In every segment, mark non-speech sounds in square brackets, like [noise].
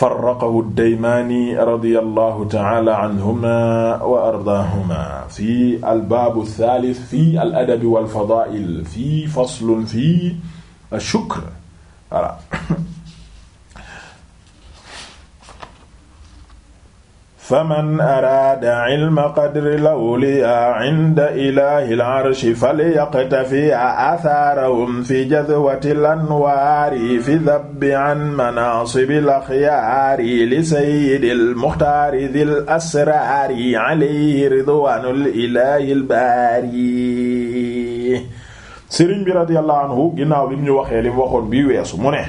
farraqahu ddaymaani radiyallahu ta'ala anhuma wa ardaahuma fi albaabu thaalith fi al adabi wal fadaa'il fi faslun fi ashukr voilà [coughs] faman araada ilma qadri lawliya inda ilahi larshi falyaqtafiya athaarahum fi jadwati lanwaari fi dabbi an manaasibi laxyaari li sayidi lmuxtaari di l asraari alayhi ridwanul ilahi lbaari sëriñ bi radiyallahu anhu ginnaaw li mu ñu waxee li mu waxoon bii weesu mu ne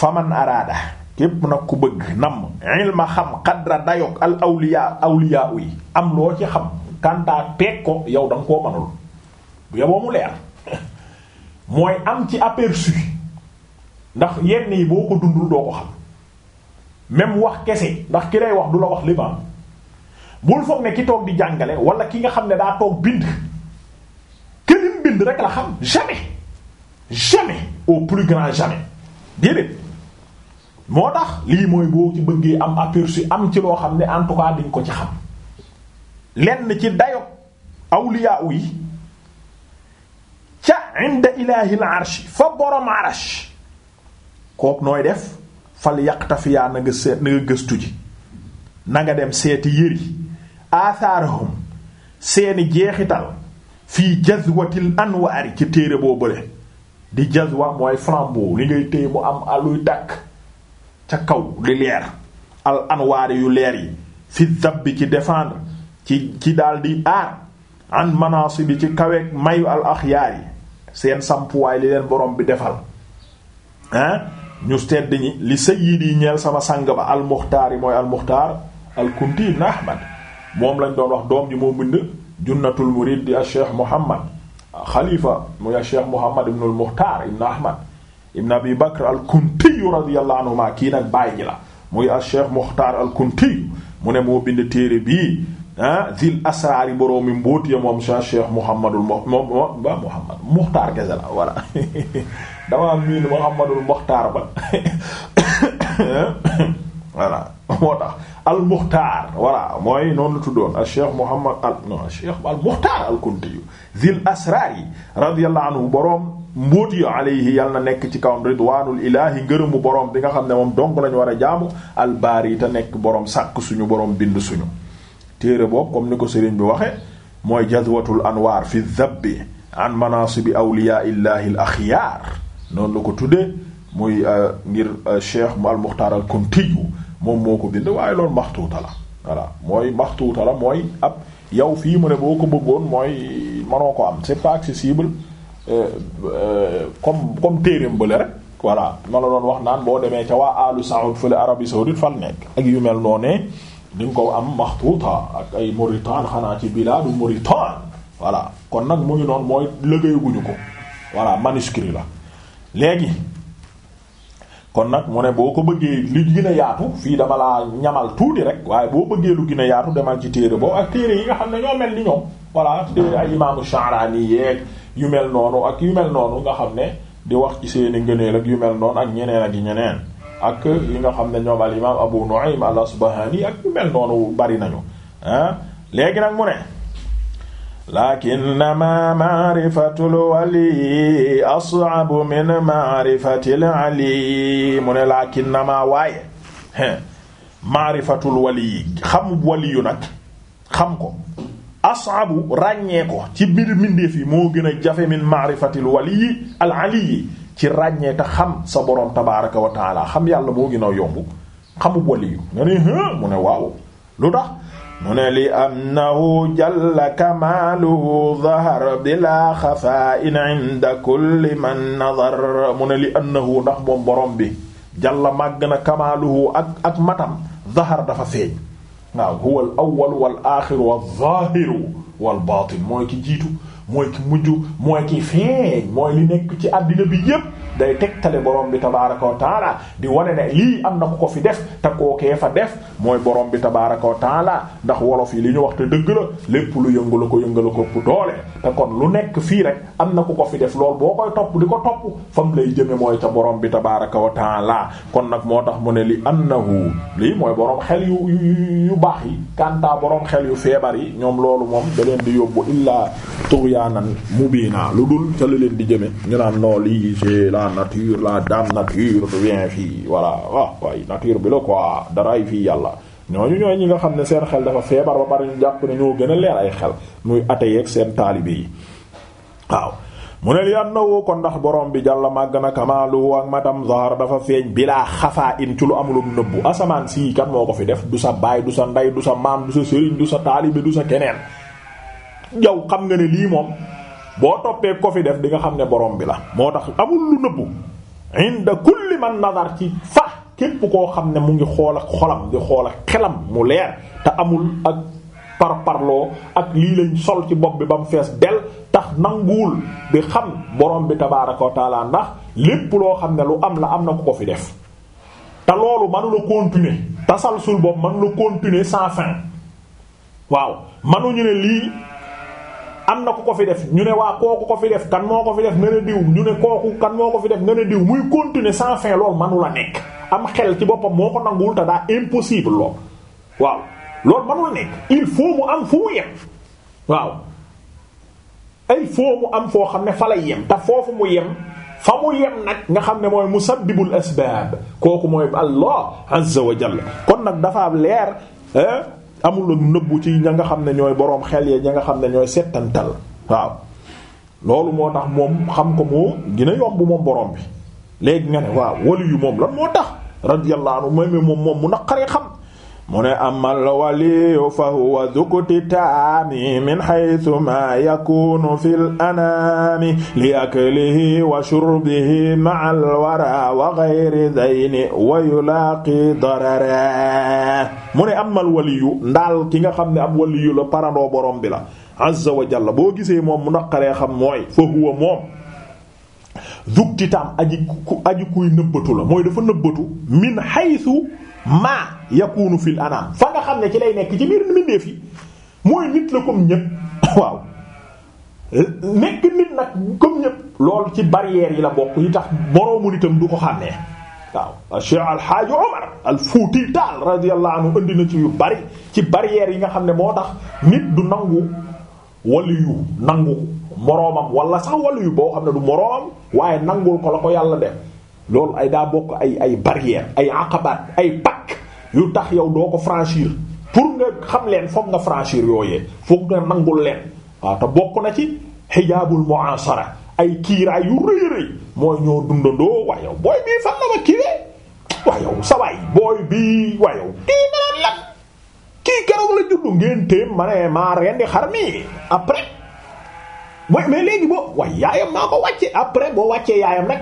faman araada képp nag ku bëgg nam ilma xam qadra dayok al awliya awliya yi am loo ci xam kantaa peeg ko yow da nga koo manul bu yoboo mu leer [laughs] mooy am ci aperçu ndax yenn yi boo ko dundul doo ko xam même wax kese ndax ki lay wax du la wax limaam bul foog ne ki toog di jàngale wala ki nga xam ne daa toog bind kelim bind rek la xam jamais jamais au plus grand jamais déedéet moo tax lii mooy boo ci bëggee am aperçu am ci loo xam ne en tout cas dañ ko ci xam lenn ci dayo awliya yi ca inda ilahil arshi fa borom kook nooy def fal yaqtafiyaa na nga gëstu ci na nga dem seeti yëri athaarahum seeni jeexital fii jazwatil anwaar ci téere boo bële di jazwa mooy flambeau li ngay téye mu am aluy takk ca kaw di leer al anwaari yu leer yi fi bi ci défendre ci ci daal di aar an manasi bi ci kaweeg mayu al axyaar seen sampuwaay li leen borom bi defal ah ñu tedd ñi li sayyidi ñeel sama sang ba al muxtaar yi mooy al muxtaar al kunti ibn ahmad moom lañ doon wax doom ji moo bind junnatul murid di al cheikh muhammad xalifa muy al cheikh muhammad ibn al ibn ahmad ibn abi bakr al kuntiyu radiyallahu anhuma kii nag bàyyi ji la muy al cheikh mukhtar al kuntiyu mu ne moo bind téere bii ah zil asraari boroomi mbóoti ya moom sa cheikh muhammadul mo moom ba muhammad mukhtar kese la voilà [laughs] damaa miin muhammadul mukhtar ba [coughs] voilà moo tax al mukhtar voilà mooy noonu la tuddoon al cheikh muhammad al non al cheikh al mukhtar al kuntiyu zil asraari radiyallahu anhu boroom mbóot yi alayhi yal na nekk ci kawam ridwaanul ilaahi ngërëmu borom bi nga xam ne moom dong lañu war a jaamu albaari te nekk borom sàkk suñu borom bind suñu. téere boobu comme ni ko sëriñ bi waxe mooy jadwatul anwaar fi dhabbi an manaasibi awliyaa illaahi al axiyaar noonu la ko tuddee muy euh, ngir euh, cheikh al muxtaar al kuntiyu moom moo ko bind waaye loolu maxtuuta la voilà mooy maxtuuta la mooy ab yow fii mu ne boo ko bëggoon mooy mënoo ko am c'est pas accessible. Euh, euh, comme comme téereem bële rek voilà ma la doon wax naan boo demee ca waa alu Saoud fële Arabie saoudite fan nekk ak yu mel noonee di nga ko am maxtuuta ak ay Mauritanie xanaa ci bilaadu Mauritanie voilà kon nag mu ngi noonu mooy lëgëyaguñu ko voilà manuscrit la léegi kon nag mu ne boo ko bëggee lu gën a yaatu fii dama laa ñamal tuuti rek waaye boo bëggee lu gën a yaatu demal ci téere boobu ak téere yi nga xam ne ñoo mel ni ñoom voilà téere ay imaamu Sha'rani yu mel noonu ak yu mel noonu nga xam ne di wax ci seeni ngëneel ak yu mel noonu ak ñeneen ak ñeneen ak yi nga xam ne ñoom al imaam Abu Nu'aym al-Asbahani ak yu mel noonu bari nañu ah léegi nag mu ne lakinnama maarifatul wali as'abu min maarifatil ali mu ne lakinnama waaye maarifatul wali xam waliyu nag xam ko asaabu ràññee ko ci mbir mbindeef yi moo gën a jafe min maarifatil waliyi al aliyi ci ràññee te xam sa borom tabaaraka wa taala xam yàlla moo gën a yomb xamu waliyu nga ne mu ne waaw lu tax mu ne li annahu jalla kamaaluhu zahar bila xafaa'in inda kulli man nadar mu ne li annahu ndax moom borom bi jalla màgg na kamaaluhu ak ak matam zahar dafa feeñ waaw huwa al awwal wal aaxir wal zaahir wal baatin mooy ki jiitu mooy ki mujj mooy kii feeñ mooy li nekk ci àddina bi yépp day tegtale borom bi tabaaraka wa taala di wane ne lii am na ku ko fi def te kookee fa def mooy borom bi tabaaraka wa taala ndax wolof yi li ñu wax te dëgg la lépp lu yëngu ko yëngu ko ëpp doole te kon lu nekk fii rek am na ku ko fi def loolu boo koy topp di ko topp fam lay jëme mooy ca boroom bi tabaaraka wa taala kon nag moo tax mu ne li annahu lii mooy borom xel yu yu yu baax yi kanta borom xel yu feebar yi ñoom loolu moom da leen di yóbbu tugyaanaan mubiina lu dul ca lu leen di jëme ñu naan non lii c'est la nature la dame nature vient fii voilà waaw ah, waaye nature bi la quoi daraay fii yàlla ñooñu ñooy ñi nga xam ne seen xel dafa feebar ba bari ñu jàpp ne ñoo gën a leer ay xel muy ateyeeg seen taalibe yi waaw mu ne li annahu ndax borom bi jàlla màgg na kamaalu ak matam zahar dafa feeñ bilaa xafaa in ci lu amulum nëbbu asamaan sii kat moo ko fi def du sa baay du sa ndey du sa maam du sa sëriñ du sa taalibe yow xam nga ne lii moom boo toppee ko fi def di nga xam ne borom bi la moo tax amul lu nëbbu inda kulli man nazar ci fa képp koo xam ne mu ngi xool ak xolam di xool ak xelam mu leer te amul ak par parloo ak lii lañ sol ci bopp bi ba mu fees del tax nanguwul di xam borom bi tabaaraka wa ndax lépp loo xam ne lu am la am na ku ko fi def te loolu mënula continuer tasalsul bopp mënula continuer sans fin waaw mënuñu ne lii am na ku ko fi def ñu ne waa kooku ko fi def kan moo ko fi def nga ne diw ñu ne kooku kan moo ko fi def nga ne diw muy continuer san fin lool manu nekk am xel ci boppam moo ko nanguwul te daa impossible lool waaw loolu manu la nekk il faut mu am fu mu yem waaw ay foo mu am foo xam ne fa lay yem te foofu mu yem fa mu yem nag nga xam ne mooy musabbibul asbaab kooku mooy Allah azza wa jalla kon nag dafa leer amul lu nëbbu ci ña nga xam ne ñooy boroom xel yee ña nga xam ne ñooy settantal waaw loolu moo tax moom xam ko moo gën yombu ma moom borom bi léegi nga ne waaw wali yu moom lan moo tax radiyallahu anhu moom moom mu naqaree xam mu ne amal waliyu fa huwa dukuti taami min haythu ma yakunu fil anami li aklihi wa shurbihi ma'a al wara wa ghayri dhayni wa yulaqi darara mu ne amal waliyu ndaal ki nga xam ne am waliyu la parandoo borom bi la azza wa jalla boo gisee moom mu naqaree xam mooy fa huwa moom duktitaam aji ku aji kuy nëbbatu la mooy dafa nëbbatu min haythu maa yakunu fil anam fa nga xam ne ci lay nekk ci biir mbindeef yi mooy nit la comme ñépp [laughs] waaw nekk nit nag comme ñépp lool ci barrière yi la bokk yi tax boroomu nitam du ko xàmmee waaw Cheikh alhaaji Omar al Fuuti Taal radiyallahu anhu indi na ci yu bari ci barrière yi nga xam ne moo tax nit du nangu waliyu nangu moroomam wala sax waliyu boo xam ne du moroomam waaye nangul ko la ko yàlla def loolu ay daa bokk ay ay barrière ay aqabaat ay pat yu tax yow doo ko franchir pour nga xam leen foog nga franchir yooyee foog nga nangul leen waaw te bokk na ci xijaabul mu'asara ay kiiraay yu rëy rëy mooy ñoo dundandoo waaye yow booy bii fan la ma kiiwee waaye yow sa booy bii waaye yow kii naan la kii keroog la juddu ngeen téem ma ne maa rendi xar mi après mooy mais léegi boo waaye yaayam maa ko wàcce après boo wàccee yaayam rek.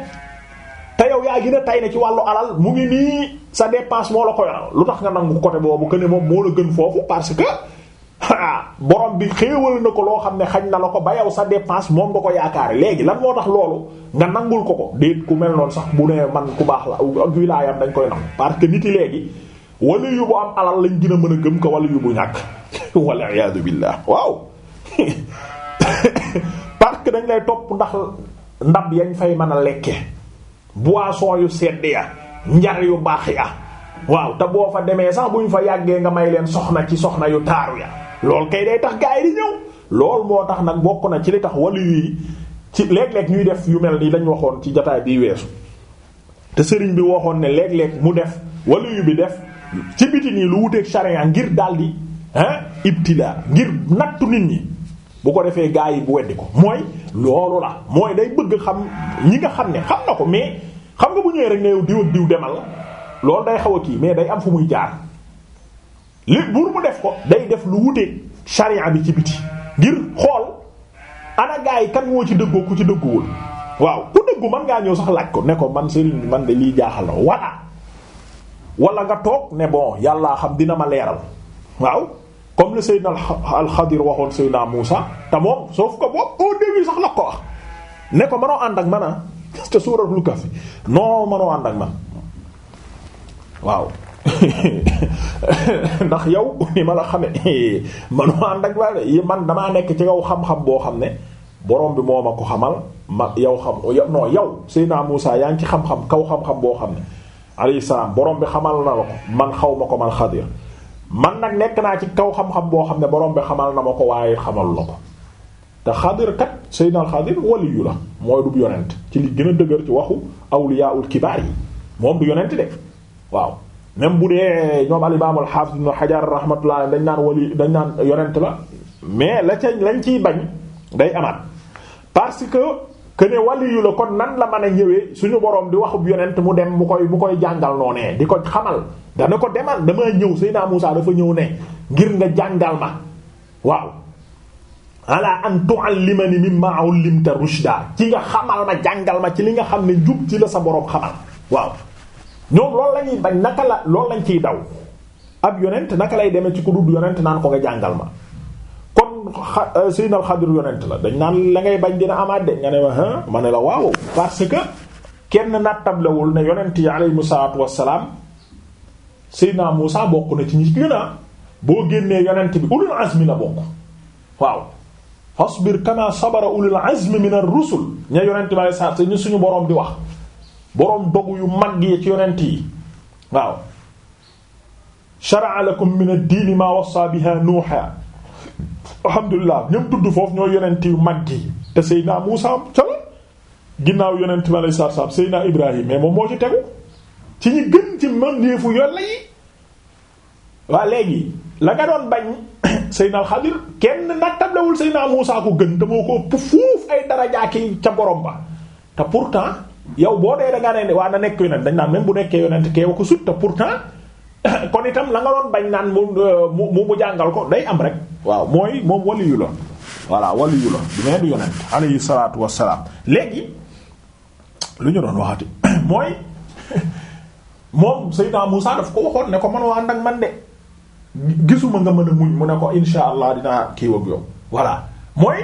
te yow yaa gën a tay ne ci wàllu alal mu ngi nii sa dépense moo la ko yoral lu tax nga nangu côté boobu que ne moom moo la gën foofu parce que ah, borom bi xéewal na ko loo xam ne xañ na la ko ba yow sa dépense moom nga ko yaakaar léegi lan moo tax loolu nga nangul ko ko déet ku mel noonu sax bu nee man ku baax la ak wilaayam dañ koy nangu parce que nit yi léegi wala yu bu am alal lañ gën a mën a gëm ko wala yu bu ñàkk [laughs] wala iyaadu billah waaw [laughs] parce que dañ lay topp ndax ndab yañ fay mën a lekke boisson yu sedd ya njar yu baax ya waaw te boo fa demee sax buñ fa yàggee nga may leen soxna ci soxna yu taaru ya lool kay day tax gaay di ñëw lool moo tax nag bokk na ci li tax wàllu yi ci léeg-léeg ñuy def yu mel nii lañ waxoon ci jotaay bii weesu te sëriñ bi waxoon ne léeg-léeg mu def wàllu yu bi def ci biti nii lu wuteeg charia ngir daldi ah ibtila ngir nattu nit ñi. bu ko defee gaa yi bu weddi ko mooy loolu la mooy day bëgg xam ñi nga xam ne xam na ko mais xam nga bu ñëwee rek ne yow diw demal loolu day xaw a kii mais day am fu muy jaar def ko day def lu wute charia bi ci biti ngir xool ana gaa yi kan moo ci dëggoo ci dëgguwul waaw mën ngaa ñëw sax laaj ko ne ko man sëriñ man de lii jaaxal na walla wala nga toog ne bon yàllaa xam dina ma leeral waaw comme le Seydina al-Xadir waxoon Seydina Muusa te moom sauf que boobu au début sax la ko wax ne ko mënoo ànd ak man ah [laughs] te suuratul Kahfi non mënoo ànd ak man waaw [laughs] ndax yow [laughs] ni ma la xamee mënoo ak man man damaa nekk ci yow xam-xam boo xam ne borom bi moo ma ko xamal ma yow xam non yow Seydina Muusa yaa ngi ci xam-xam kaw xam-xam boo xam ne alayhi salaam borom bi xamal na la ko man xaw ma ko man Xadir. man nag nekk naa ci kaw xam-xam boo xam ne borom bi xamal na ma ko waaye xamal la ko te xadir kat Seydina Xadir waliyu la mooy du yonent ci li gën a dëgër ci waxu awliyaul kibaar yi moom du yonent de waaw même bu dee ñoom al imaam al hafiz ibn Hajar rahmatullah dañ naan wali dañ naan yonent la mais la ca lañ ciy bañ day amaat parce que. ne waliyu la kon nan la mën a ñëwee suñu boroom di waxub yonent mu dem mu koy mu koy jàngal noonee di ko xamal dana ko demal damaa ñëw Seydina Muusaa dafa ñëw ne ngir nga jàngal ma waaw ala an tu'allimani mimma 'ullimta rushda ci nga xamal ma jàngal ma ci li nga xam ne jub ci la sa boroom xamal waaw ñoom loolu la ñuy bañ naka la loolu lañ ciy daw ab yonent naka lay demee ci ku dudd yonent naan ko nga jàngal ma Euh, Seydina Xadir yonent la dañ naan la bañ dina amaat de ma ne la waaw parce que kenn nattablewul ne yonent yi aleyhimu salaatu wassalaam Seydina Muusa bokk na ci ñi gën a boo génnee yonent bi ulul azmi la bokk waaw ñu suñu boroom di wax boroom dogu yu mag yi ci yonent yi waaw shara'a lakum min ad maa wassaa bihaa Nuuha alhamdulilah ñëpp tudd foofu ñoo yonent yu mag yi te Seydina Muusa ca la ginnaaw yonent ma lay saab saab Seydina Ibrahim mais moom moo ci tegu ci ñi gën ci mëndeefu yàlla yi waa léegi la nga doon bañ [coughs] Seydina Xadir kenn nag tablewul Seydina Muusa ko gën te moo ko ëpp fuuf ay darajaa ki ca borom ba te pourtant yow boo dee da ngaa ne waa na nekk yonent dañ naan même bu nekkee yonent keewa ko sut te pourtant [coughs] kon itam la nga doon bañ naan mu euh, mu mu jàngal ko day am rek. waaw mooy moom waliyu la voilà waliyu la du mee du yonent alayhi salaatu wassalaam léegi lu ñu doon waxati [coughs] mooy [coughs] moom Seydina Muusaa daf ko waxoon ne ko man waa ndag man de gisuma nga mën a muñ mu ne ko insha allah dinaa kiiw ak yow voilà mooy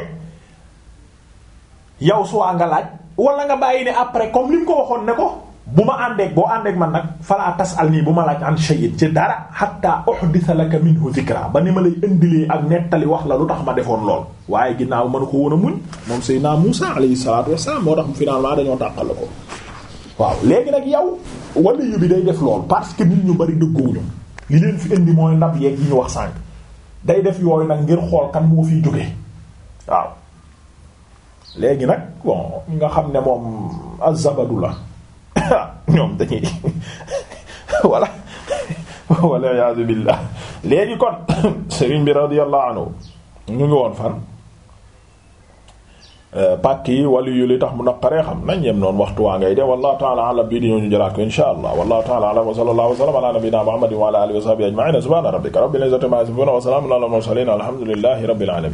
yow su waa nga laaj wala nga bàyyi ne après comme li mu ko waxoon ne ko bu ma àndeeg boo àndeeg man nag falaa tas al nii bu ma laaj an shay'in ci dara sa hatta uhditha laka minhu dhikra ba ni ma lay indilee ak nettali wax la lu tax ma defoon lool waaye ginnaaw mënu ko woon a muñ moom Seydina Muusa alayhi salaatu wassalaam moo tax finalement dañoo tàqal ko waaw léegi nag yow wala yu bi day def lool parce que nit ñu bari dëgguwuñu li leen fi indi mooy ndab yeeg yi ñu wax sànq day def yooyu nag ngir xool kan moo fiy jógee waaw léegi nag bon nga xam ne moom azabadu la [laughs] ñoom dañuy [laughs] voilà [laughs] wala iyaazu billah léegi kon sëriñ [coughs] bi radiyallahu anhu ngi woon fan euh, pàkk yi tax mu naqaree xam yem noonu waxtu waa ngay de ta'ala alam bii di ñëw ñu ko insha allah wallahu ta'ala alam wa sallallahu wa sallam ala nabiyyina muhammadin wa ala alihi wa sahbihi ajma'in subhana rabbika rabbil izzati wa salamun ala al mursalin alhamdulillahi rabbil alamin